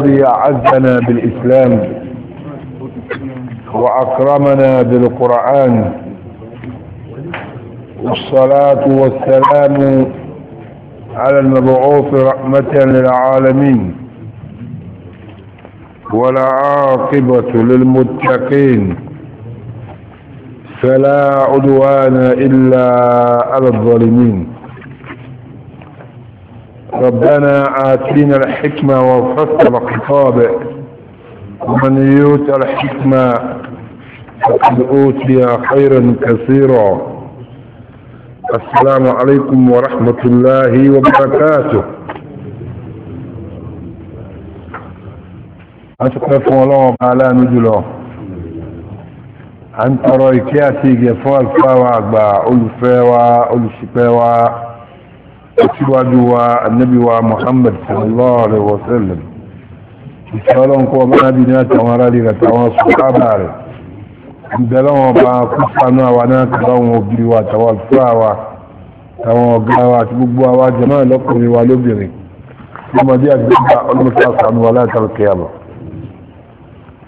الذي عزنا بالإسلام وأكرمنا بالقرآن والصلاة والسلام على المبعوث رحمة للعالمين ولا عاقبة للمتقين فلا عدوان إلا على الظالمين ربنا آتينا الحكمة وفصل خطابه ومن يؤت الحكمة فقد أوتي خيرا كثيرا السلام عليكم ورحمة الله وبركاته أنت أتقف الله على نجله أنت رأيك يا سيدي فوال فاوى أقبع ألفاوى ألشفاوى síwájú wa annabi wa muhammad sallallahu alaihi wasallam ìṣọ́lọ́n kọ́ mọ́nàbí ní àtàwọn ará lè ràtàwọn sọ́kábà rẹ̀ ìbẹ̀lọ́wọ̀n bá kúsànú àwa náà kàláwọn òbí wa tàwọn alfáà wa tàwọn ọ̀gá wa àti gbogbo àwa jẹ́mọ́ ìlọ́kùnrin wa lóbìnrin ọmọdé àgbẹ̀gbà ọlọ́mọta sànú wa látàrí kẹyàmọ́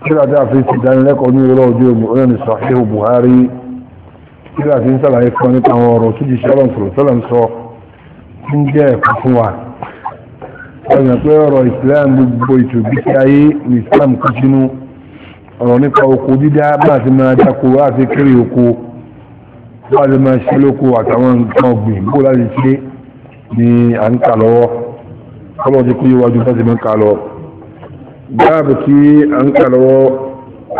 kíra tí a fi ti dánilẹ́kọ̀ọ́ tí ń jẹ́ ẹ̀kọ́ fún wa ọ̀nà pé ọ̀rọ̀ islam gbogbo ètò ìgbésí ayé ní islam kú sínú ọ̀rọ̀ nípa oko dídá bá ti máa dáko wá sí kéré oko bá ti máa ṣe lóko àtàwọn nǹkan ọ̀gbìn bó láti ṣe ni à ń kà lọ́wọ́ kọ́lọ̀ ti kú yíwájú bá ti máa kà lọ báàbù tí à ń kà lọ́wọ́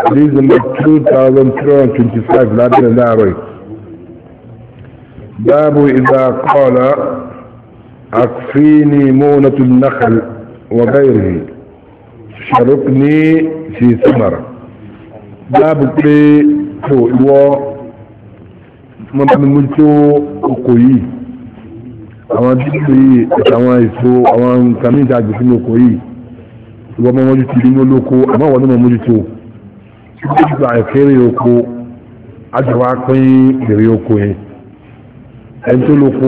àdéhùn number two thousand three hundred twenty five lábẹ́rẹ̀ láàárọ̀ yìí báàbù ìgbà kọ́ọ̀lá أكفيني مونة النخل وغيره شاركني في ثمرة باب بي تو إيوا من ملتو أكوي àwọn dídì àtàwọn èso àwọn nǹkan mìíràn àgbè sínú oko yìí ìwọ́n mọ́ mójútó ilé ní olóko àmọ́ àwọn onímọ̀ mójútó mójútó àìkéré oko àjọwá pín èrè oko yẹn ẹni tó lóko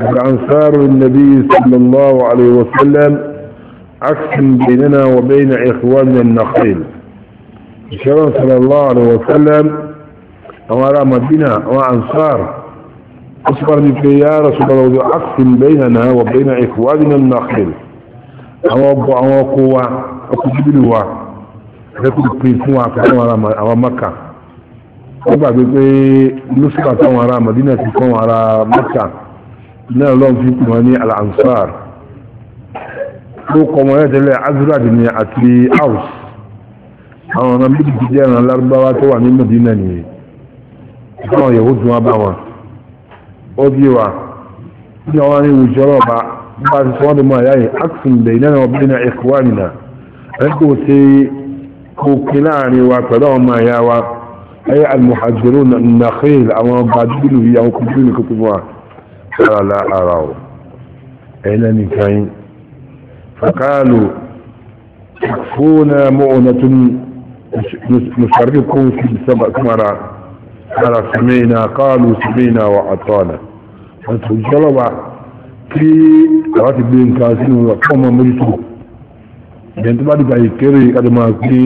الأنصار النبي صلى الله عليه وسلم عكس بيننا وبين إخواننا النخيل إشارة صلى الله عليه وسلم أمر مدينة وأنصار أصبر لكي يا رسول الله عكس بيننا وبين إخواننا النخيل أمر قوة أكبروا أكبر قيسوا أمر مكة أمر بكي أما مدينة أما مكة náà lọ́n fi kù wọn ní al-ansar ó kọ wọn yẹ́ tẹ́lẹ̀ azrad ni àti aus àwọn ọ̀nà méjì ti jẹ́ ẹ̀ràn lárúbáwá tó wà ní Madina nìyí àwọn yẹ̀wò tún wá bá wọn ó bí wa ní àwọn ní ìwùjọ́ ọlọ́ọ̀bá bá ti sọ́wọ́n mọ́ àyá yìí axon bẹ̀ iná náà bí na ẹ̀kọ́ nìna ẹ̀kọ́ tí kò kí láàrin wa pẹ̀lú ọmọ àyá wa ẹ̀yà al nàkhil àwọn bàdúgbìlù yìí àwọn kùdúgbìlù kò tó wà ترى لا أراه إلني كاين فقالوا تكفونا مؤنة نشارككم في السبع كمرة قال سمينا قالوا سمينا وأطانا فتجلوا kí àwọn ti gbé nǹkan sínú ọmọ mójútó ìyẹn tó bá dìgbà ìkéré kájọ máa gbé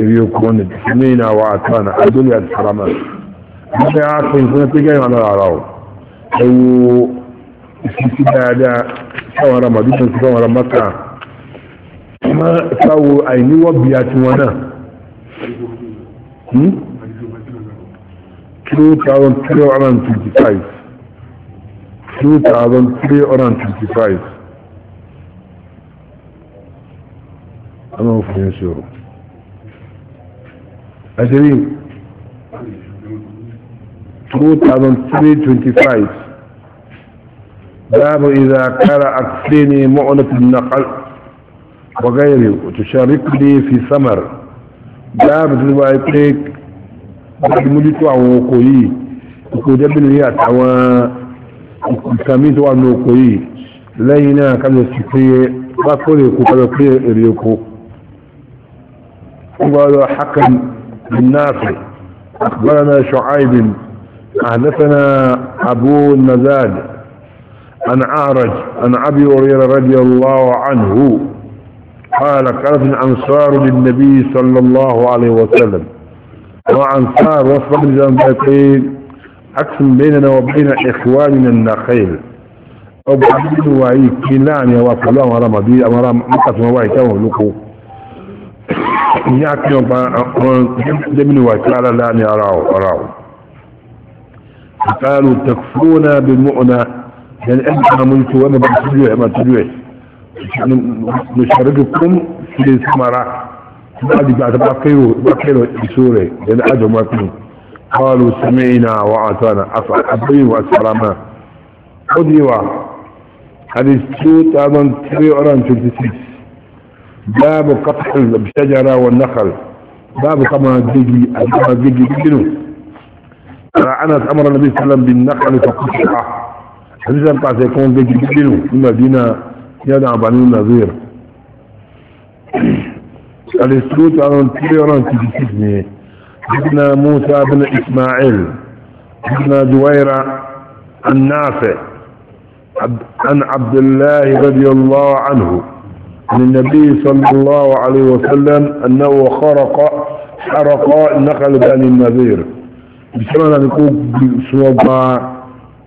èrè okùn ọ̀nà ìsinmi ìnáwó àtàwọn àdólè àti sàrámà wọ́n fẹ́ á sọ ìfúnná pé kẹ́yìn alára ara ọ̀ ẹ wo ìfisí dáadáa sáwọn ará màdúgbò sí sáwọn ará maka má sáwo àìníwọ́ bí a ti wọn náà hmm? two thousand three hundred and twenty-five two thousand three hundred and twenty-five ọlọ́run fún yẹn ṣòro. Àṣírí 2325 باب إذا قرأ أكفيني مؤنة النقل وغيره وتشاركني في سمر باب تلوائتك باب مجتوع وقوي وكوجب لي أتعوى وكاميت وعن وقوي لينا كان يستطيع وقوله كوكوكي إليكو وقال حكم بالناس أخبرنا شعيب حدثنا أبو النزاد عن أعرج عن أبي هريرة رضي الله عنه قال قالت الأنصار للنبي صلى الله عليه وسلم وأنصار وصف وصفت لجنبتين أقسم بيننا وبين إخواننا النخيل أبعدين الوعي كلان يواصل لهم على مدير أمرا مقص مواعي كانوا لقوا يعكي جميل وعي كلا أراه أراه فقالوا تكفرون بالمؤنة لان يعني أنت عملت وما بتجوع ما تجوع يعني نشارككم في الثمرة بعد بعد بقيروا بقيروا بسورة يعني أجوا ما كانوا قالوا سمعنا وعطانا أبي وأسلاما خذوا حديث 2326 باب قطع الشجرة والنخل باب كما تجي كما تجي أنس أمر النبي صلى الله عليه وسلم بالنقل فقطعه حديث أنت سيكون بجدله في المدينة يدعى بني النظير الاسلوت على الطيران تجسدني جبنا موسى بن إسماعيل جبنا دويرة النافع عن عبد الله رضي الله عنه عن النبي صلى الله عليه وسلم أنه خرق حرق نقل بني النظير بسرعة نقول بصوابة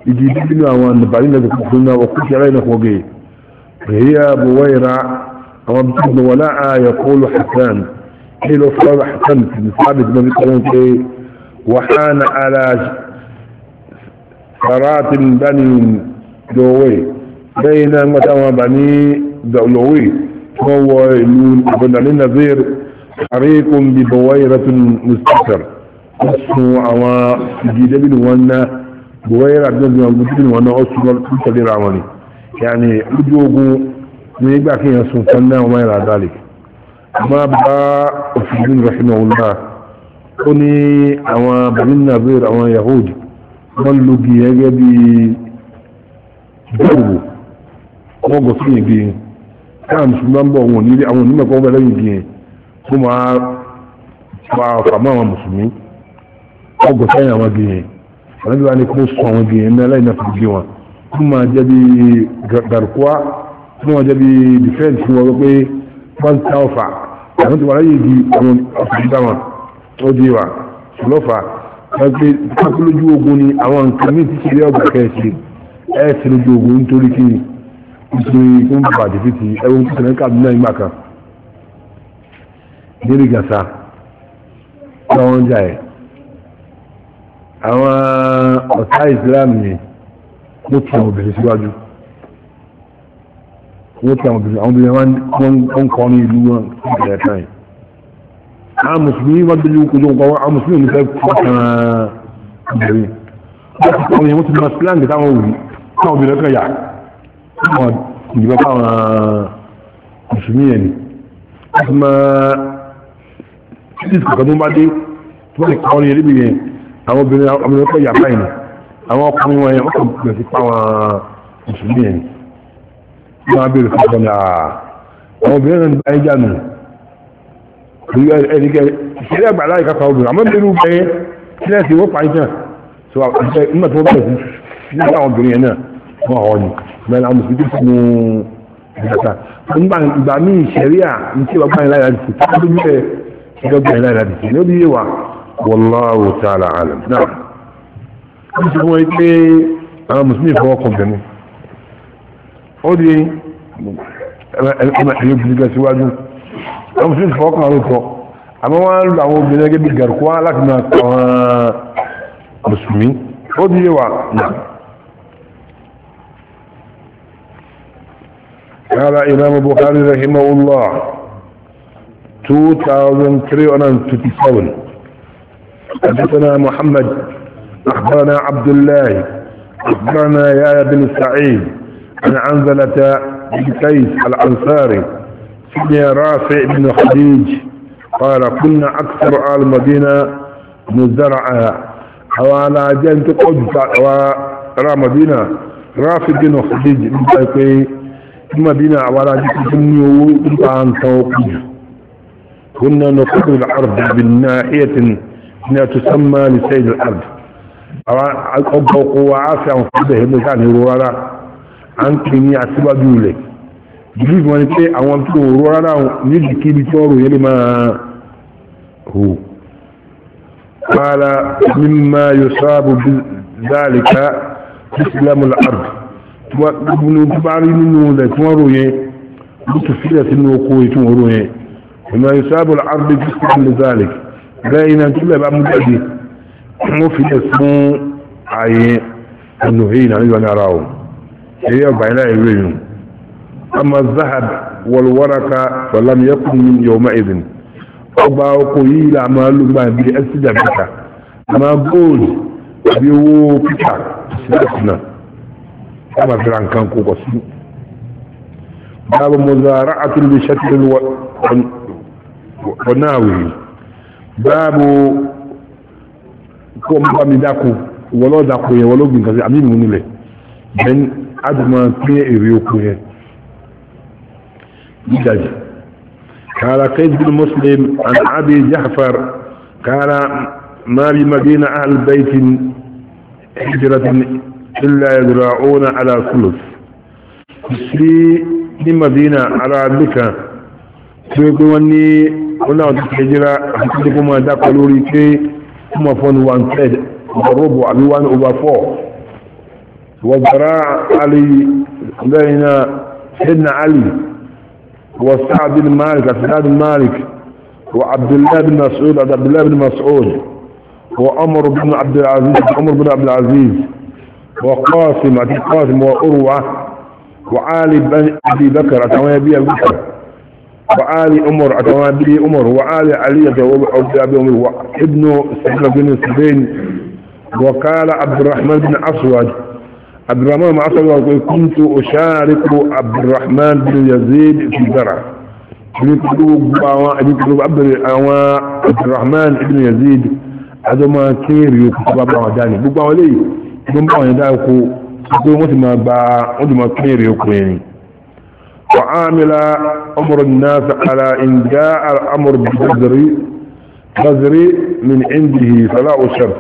يجيبنا ونبعين لك كفرنا وكل علينا فوقيه هي بويرة ربطنا ولاء يقول حسان حيلو فرد حسن ثابت ما بيقولون شيء وحان على سرات بني دوي بين متى بني دولوي هو يقول بن النذير حريق ببويرة مستقر ọ̀sùn àwọn ìdí dẹ́bìnì wọn ná bùwẹ́rẹ́ àdúgbò àwọn dẹ́bìnì wọn ná ọ̀sùn wọn tún tẹ̀lé ra wọn ni yàní ojú ogun ní ìgbà kí yẹn sùn kan náà wọn yàrá dálé àmọ́ bá òfin ìlú ìrọ̀ṣẹ́ náà náà ó ní àwọn benin nazir àwọn yahudi wọ́n lu gi gẹ́gẹ́ bí gbẹ̀rù wọ́n gọ̀ sí ìgbì káà mùsùlùmí bọ̀ wọn nílé àwọn onímọ̀ kan wọ́n bẹ̀rẹ̀ ìgbì yẹn tó máa fa fàmọ́ àwọn mùsùlùmí ọgọ̀ sẹ́yìn àwọn igi yẹn ọ̀nàbí wa ni kó sọ àwọn igi yẹn ní aláìní àti igi wọn kó máa jẹ́ bí garkuwa kó máa jẹ́ bí defense fún wọn pé wọ́n ta ọ̀fà àwọn ti wà láyé igi àwọn ọ̀fà wọn ó di wa lọ́fà wọ́n pe kápẹ́lójú ogun ni àwọn nǹkan ní ti ṣeré ọgbà kẹ́ẹ̀sì ẹ̀ sí lójú ogun nítorí kí nítorí kó ń bàbà dìbìtì ẹ̀wọ̀n kí sẹ̀rẹ̀ káàdùn náà ìgbà kan nílùú gàṣà láwọn ń jà ẹ̀ àwọn ọ̀tá islam ni ló ti àwọn obìnrin síwájú ló ti àwọn obìnrin àwọn obìnrin wọn ń kọ́ ní ìlú wọn ìbẹ̀rẹ̀ kan yìí àwọn mùsùlùmí wọn délé kojú nǹkan wọn àwọn mùsùlùmí nífẹ̀ẹ́ fọ́tàn obìnrin wọ́n ti kọ́ ní wọ́n ti mọ islam ní táwọn òwì táwọn obìnrin kan yà wọ́n ìdìbò fáwọn mùsùlùmí yẹn ni wọ́n ti mọ títí kọ̀ọ̀kan tó bá dé tó bá ti kọ́ ní ẹlẹ́bìnrin yẹn àwọn obìnrin ọmọdé kọ́ yàgbá yìí àwọn ọkùnrin wọn yẹn wọ́n bẹ̀rẹ̀ sí páwọn mùsùlùmí yẹn ní wọ́n bẹ̀rẹ̀ fún ọ̀nà àwọn obìnrin náà ń bá ẹja nù ìṣẹ́lẹ̀ àgbà láì kápá obìnrin àmọ́ bẹ̀rù bẹ̀rẹ̀ sílẹ̀ sí wọ́n parí náà so nígbà tí wọ́n bẹ̀rẹ̀ sí nígbà àwọn obìnrin yẹn náà wọ́n àwọn ni bẹ́ẹ̀ àwọn mùsùlùmí fún ìgbàta nígbà ìgbà míì ìṣẹ̀rí à ń tí wọ́n gbà yẹn láì والله تعالى عالم نعم أنت هو إيه أنا مسلم فوقكم جميع أودي أنا يبدي لك سواجه أنا مسلم فوقنا على الفوق أما ما أقول لهم بنا جبي جركوا لكن مسلمين أودي يوا نعم قال إمام البخاري رحمه الله 2357 حدثنا محمد أخبرنا عبد الله أخبرنا يا بن سعيد عن عنزلة بن كيس الأنصاري سمي رافع بن خديج قال كنا أكثر آل المدينة مزرعة حوالى جنة قدس ورا مدينة رافع بن خديج بن كيس مدينة ولا جنت نيو كنا نقضي الأرض بالناحية ní àtúnṣánmá ní sẹ́yìn àrùn àwọn ọgbà ọkọ̀ wa á fi àwọn fúnbẹ̀ ẹgbẹ́ sáà ní ro rárá à ń pè ní àtúbájú ilẹ̀ believe wọn ni pé àwọn tó ń ro rárá nídìí kíbi tí ọrọ̀ yẹn lè máa hù قال مما يصاب بذلك اسلام الارض ابن كبار منه ده تمرويه بتفيله انه قوي تمرويه وما يصاب الارض بسبب ذلك lẹ́yìn náà tí lẹ́bàá mú jáde wọ́n fi fún ààyè ọ̀nà èyí náà nígbà náà o èyí ọgbà ilá ìlú èyí ama zahab wọlwọ́raka wọlámi yẹkùn ní yọmọ ìdìn ọgbà ọkọ̀ yìí là máa lù gbà bí ẹsì dàbíta àmà góòlù àbí owó pítà síláàsì náà wọ́n máa fira nǹkan kó sí. báwo mo zara náà wèé باب كم بامي داكو ولو داكو يا ولو بين كذا أمين مني له بين أدم كني يريوكو يا جاج قال قيد بن مسلم عن أبي جعفر قال ما بمدينة أهل بيت هجرة إلا يدرعون على سلس في مدينة على مكة تقول ó láwọn tó àti tó kó máa dákọ̀ lórí pé ó máa fọ́ one third ọ̀rọ̀bù àbí one over four wọ̀gbàrá alì bẹ́ẹ̀ na ṣẹ́dínà alì وسعد بن مالك عبد بن مالك وعبد الله بن مسعود عبد الله بن مسعود وعمر بن عبد العزيز عمر بن عبد العزيز وقاسم عبد القاسم وأروى وعالي بن أبي بكر أتوى أبي بكر وعلي عمر عدوان بي عمر وعلي علي جواب عبد أبي عمر وابن سهل بن سبين وقال عبد الرحمن بن أسود عبد الرحمن بن أسود كنت أشارك عبد الرحمن بن يزيد في الزرع عبد الرحمن بن يزيد عدما كير يكتب عبد الرحمن بن يزيد gbogbo àwọn eléyìí gbogbo àwọn ẹ̀dá ẹ̀kọ́ gbogbo wọ́n ti máa gba wọ́n ti máa kínyẹ̀rẹ̀ ọkùnrin وعامل أمر الناس على إن جاء الأمر بجذري جذري من عنده فلا أشرف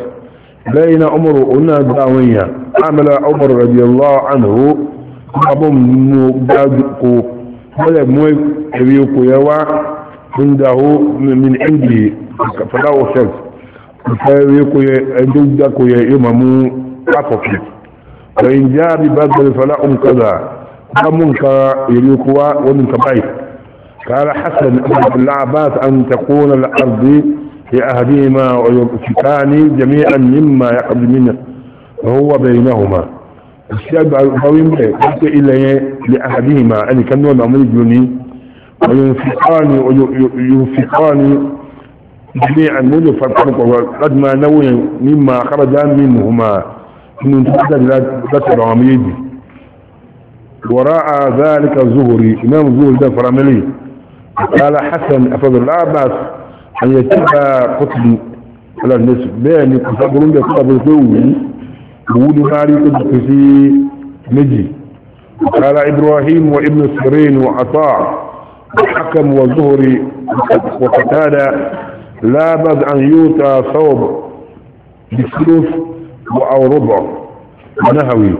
بين أمر أنا داوية عامل أمر رضي الله عنه أبو مبادق ولا مبيق يوا عنده من عنده فلا أشرف فيبيق يجدك يمامو إمام وإن جاء ببدل فلا أم منك يليكوا ومن تبعيك قال حسن بن العباس أن تكون الأرض في اهديما ويبسطان جميعا مما يقبل منه وهو بينهما الشاب القويم قلت إليه لأهديما أن يعني كانوا نعمل جني وينفقاني وينفقان جميعا منذ فرق وقد ما نوي مما خرجان منهما من تحدث لا تسرع من وراء ذلك الزهري إمام الزهري ده فراملي قال حسن أفضل العباس أن يتبع قتل على النسب بأن يقصدون يقصد بالقوي يقول ماري قد نجي قال إبراهيم وابن سرين وعطاء الحكم والزهري وقتادة لا بد أن يوتى صوب بثلث أو ربع نهوي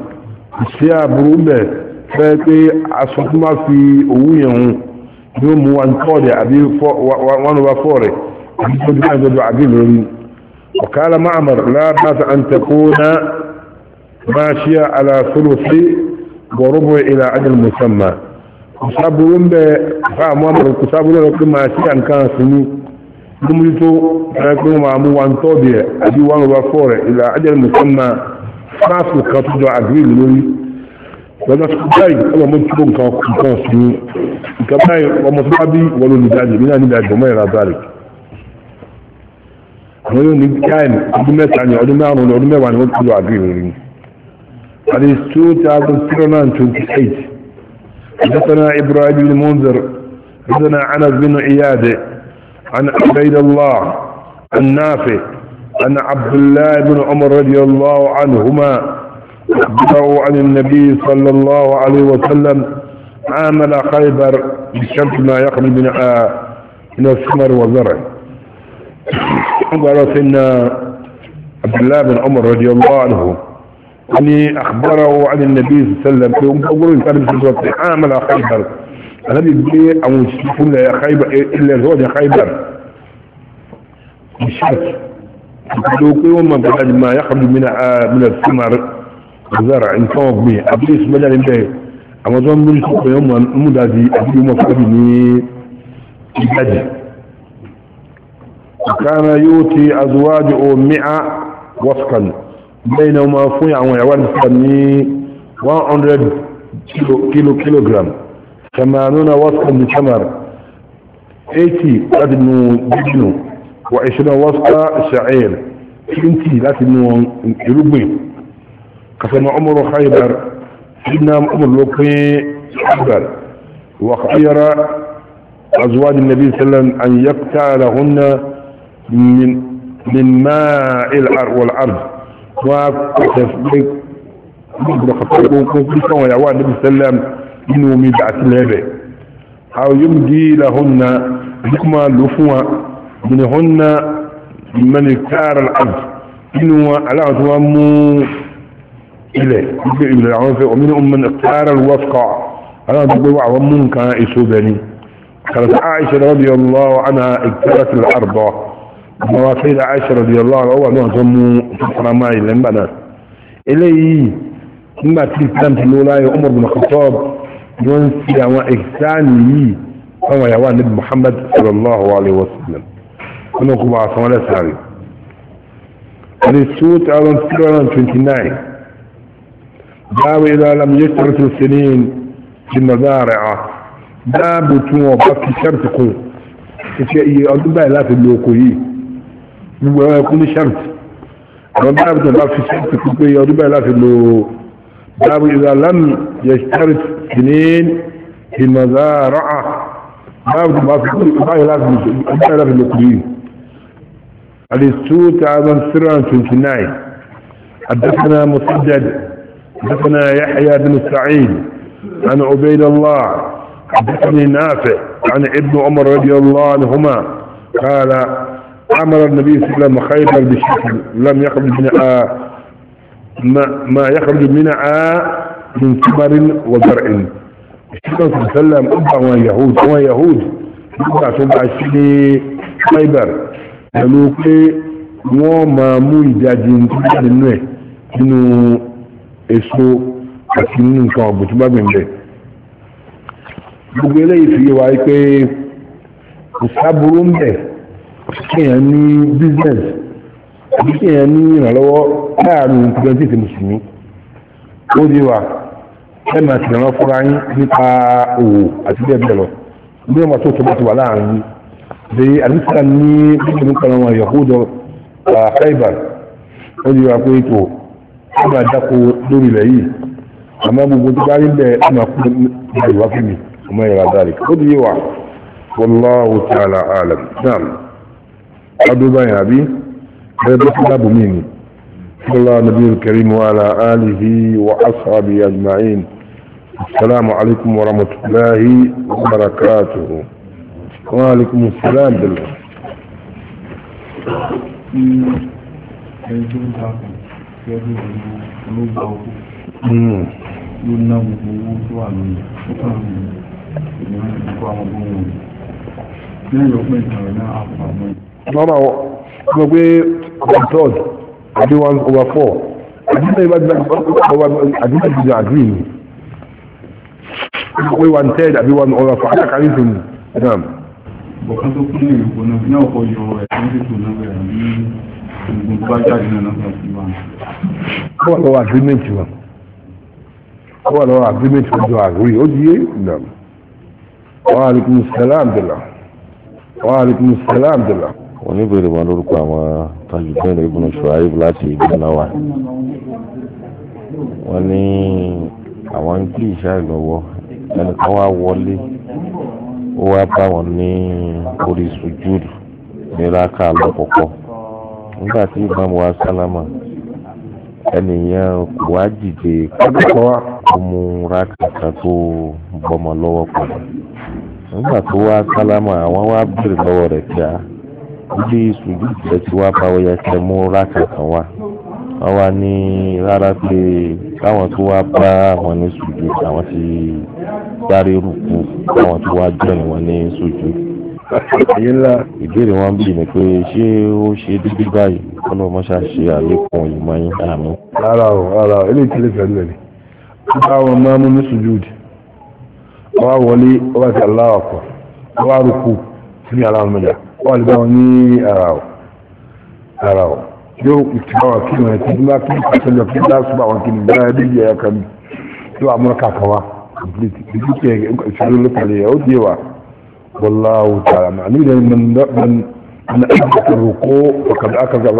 الثياب ربع fẹ́ pé aṣọ tó máa fi owó yẹn hùn ni ó mú one third àbí one over four rẹ̀ àbí tó dúró àjọjọ àbí lórí ọ̀kálà Ma'mar lábàtà àǹtẹ̀kọ́nà máa ṣe àlàsọ́lọ́ sí bọ̀rọ̀bọ̀ ìlà ajal musamman kusaburu ń bẹ fa Ma'mar kusaburu rẹ̀ pé máa ṣe àǹkan sí ní dumuni tó fẹ́ pé máa mú one third àbí one over four rẹ̀ ìlà ajal musamman fáàfù kan tó jọ àbí lórí wọ́n ti báyìí ọmọ mo túbọ̀ nǹkan nǹkan sí i nǹkan báyìí ọmọ tó bá bí wọn ló lè jáde mí náà níbi àjọmọ́ ìlà báyìí àwọn yóò ní káìm ọdún mẹ́ta ni ọdún márùn ni ọdún mẹ́wàá ni wọ́n ti lọ àbí ìrìn ni àti two thousand three hundred and twenty eight حدثنا إبراهيم بن منذر حدثنا أنس بن عياد عن عبيد الله النافع عن عبد الله بن عمر رضي الله عنهما أخبره عن النبي صلى الله عليه وسلم عامل خيبر بشمس ما يقبل من من الثمر والزرع قال سيدنا عبد الله بن عمر رضي الله عنه أني أخبره عن النبي صلى الله عليه وسلم في أمور الفرد عامل خيبر الذي بيه أو يقول لا خيبر إلا زوج خيبر بشرط يقولوا ما يخرج من من الثمر الزرع انفوق به ابليس بدل به اما ظن من سوق يوم مدادي ابي يوم فابني الجدي وكان يوتي ازواجه مئة وفقا بينهما فويا ويوان فني 100 كيلو كيلو جرام 80 وفقا للتمر 80 قدم جبنه و وفقا شعير 20 لكنه يربي قسم عمر خيبر سيدنا عمر لقي خيبر وخير أزواج النبي صلى الله عليه وسلم أن يقطع لهن من من ماء الأرض والأرض وتسبيك بخطيكم كنتم ويعوى النبي صلى الله عليه وسلم إنه ميدعة الهبة أو يمدي لهن حكمة لفوة منهن من كار الأرض إنه على عظمه ilẹ̀ ife ilẹ̀ àwọn fẹ́ omi ní ọmọ ní tààrà lọ́fọ́ àwọn àdúgbò wà wọ́n mú nǹkan èso bẹni kàràtà àìṣẹ́ rọ́bì ọlọ́wọ́ àná ìtẹ́rẹ́ ti àrùbọ̀ àwọn fẹ́ ilẹ̀ àìṣẹ́ rọ́bì ọlọ́wọ́ wà náà tó mú farama ilẹ̀ ńgbà náà eléyìí nígbà tí islam ti lóla yẹ Umar bin Khattab ni wọ́n fi àwọn ìsáàni yìí fáwọn yàwó àníbi Muhammad sallallahu alaihi wa sallam wọn kò bá a sanwó lẹ́sàárì. Àdìsú 29 باب إذا لم يترك السنين في المزارع باب تنوى بك شرطكم تشيئي أدو بقى لا في اللوكوهي يبقى كل شرط أما باب تنوى بك شرطكم أدو بقى لا في اللوكوهي باب إذا لم يشترط سنين في المزارع باب تنوى بك لا في اللوكوهي الاسود تعالى سرعة 29 حدثنا مسجد حدثنا يحيى بن سعيد عن عبيد الله حدثني نافع عن ابن عمر رضي الله عنهما قال امر النبي صلى الله عليه وسلم خيبر بشكل لم يخرج من آه ما, ما يخرج من آه من كبر وزرع الشيخ صلى الله عليه وسلم أبا ويهود هو يهود nígbà tó bá sí وما fiber pẹ̀lú pé èso àti nínú nǹkan ọ̀gbìn tó bá gbìn bẹ̀. gbogbo eléyìí fi yé wa pé kò sábúrú ń bẹ̀ kéèyàn ní business àbí kéèyàn ní ìrànlọ́wọ́ láàrin ìpínlẹ̀ tí mùsùlùmí ó di wa ẹ máa ti ràn fúnra yín nípa òwò àti bẹ́ẹ̀ bẹ́ẹ̀ lọ ní ọmọ tó tó bá ti wà láàrin yìí de àdúgbò ní gbogbo nípa àwọn yahoo dọ̀ Khaybar ó di wa pé tó ó máa dákòó lórí ilẹ̀ yìí àmọ́ gbogbo tó bá rí bẹ́ẹ̀ ẹ máa kú ní ìwà fún mi ọmọ ìlà dáre ó di wà wallahu ta'ala alam naam adúbà yẹn àbí bẹ́ẹ̀ bó ti dábò mí ni sallallahu nabiyul karim wa ala alihi wa ashabihi ajma'in السلام عليكم ورحمة الله وبركاته وعليكم السلام بالله jẹ́rú olóògbà owó ló ná gbogbo owó tó wà lórí ìlú ìdíkọ́ àwọn ọmọ òun lẹ́yìn ọpẹ́ ìtàn rẹ̀ náà àpò àmọ́ yìí. mama mo gbé one third àbí one over four àdúgbò ìbájú àdúgbò ìbájú àdúgbò ìbájú pé one third àbí one over four àtàkàrí fún mi. bọ̀kan tó kún ní ìrìnkò náà ní ọ̀pọ̀ yọ ẹ̀sìn títù náà bẹ̀rẹ̀ ní ó wà lọ́wọ́ agreement wọn ó wà lọ́wọ́ agreement wọn jọ àgbóyè ó di yé ìdàmú wa alaikum salaam dìlà wa alaikum salaam dìlà. wọ́n ní bèrè wọn lórúkọ àwọn tajubẹ́rẹ̀ ibùdó ṣùgbọ́n láti ìgbìmọ̀ wa wọ́n ní àwọn ń kí ìṣá ìlọ́wọ́ ẹnìkan wá wọlé ó wá bá wọn ní orí sùjúdù ní rákà lọ́kọ̀ọ̀kọ̀ nígbà tí ìbámu wa sálámà ẹnìyàn kò wá dìde kọ́ ọmọ rákà kan tó bọ́mọ lọ́wọ́ pẹ̀lú nígbà tó wá sálámà àwọn wá bèrè lọ́wọ́ rẹ̀ pé a ah, ibi ìṣùjú ìjẹ́ tí wá bá wọ́yẹ kẹ́ mú rákà kan wọ́n wá ní rárá pé káwọn tó wá bá wọn ní ṣùjú àwọn ti sáré rùkú káwọn tó wá jẹ́ wọn ní ṣùjú ayé ńlá ìbéèrè wọn bí ni pé ṣé ó ṣe dídí báyìí kọ́nà ọmọṣà ṣe àlékún ìmọ̀ yín àmì. rárá o rárá o eléyìí tilẹ̀ fẹ́ lẹ́lẹ̀ nípa àwọn máa mú ní sùjúùdì ọwá wọlé ọwá ti aláwọ̀ pọ̀ ọwá rúkú sínú ara wọn mẹ́ta ọwá lè bá wọn ní ara o ara o yóò ìtura wọn kí wọn ti bá kí wọn sọjọ kí wọn sọ àwọn kí ni bẹ́ẹ̀ ẹbí yẹ ẹ̀ka mi tí wọn amúra kàkà wa complete ìdíje ìṣòro ló pẹ̀lẹ́ والله تعالى معني من من من أدرك الركوع وقد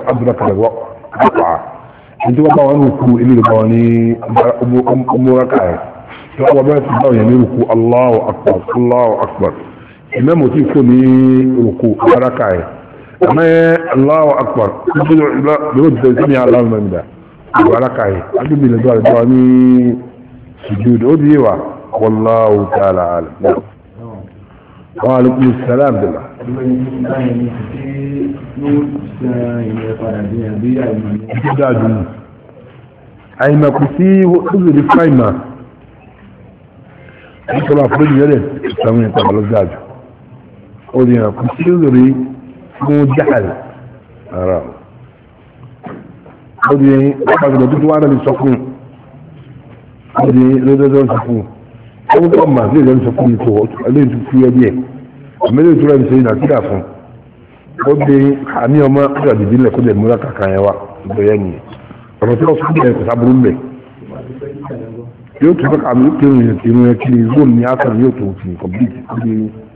أدرك الركعة أنت وقع عن ركوع إلي لبواني أم ركعة فأبا بس الله يعني ركوع الله أكبر الله أكبر إمام وتيكوني ركوع ركعة أما الله أكبر برد سمع الله من ده وركعة أجب لدواني سجود أدري والله تعالى عالم نعم Wa alaikum salaam dìbà. Ìjọ dájú nù. Àyìnbá kò sí òṣèlú fáìmà. Wọ́n sọ bá fún ìdílé rẹ̀ sàmúlẹ̀ tàbí lọ dájú. Ó di hàn kò sí òṣèlú fún jáàlì. Ara o. Ó di hàn kò sí òṣèlú fún jáàlì. Ó di hàn kò sí òṣèlú ọwọ́ tó ọmọ àti ìlẹ́nu sọ fún mi tó ẹlẹ́yìn tó fi ẹbí ẹ̀ àmẹ́lẹ́ ìtura ẹni sẹ́yìn àti àfún ó dé àmì ọmọ ọjà dìbí lẹ̀ kó dẹ̀ múra kàkà yẹn wa ìgbẹ́yẹ ni ọ̀rọ̀ tí wọ́n fún mi kò sábúrú mẹ́ yóò tún fẹ́ àmì ìpinnu yẹn kiri zone ní àkàrà yóò tún fi kọ̀m̀pìtì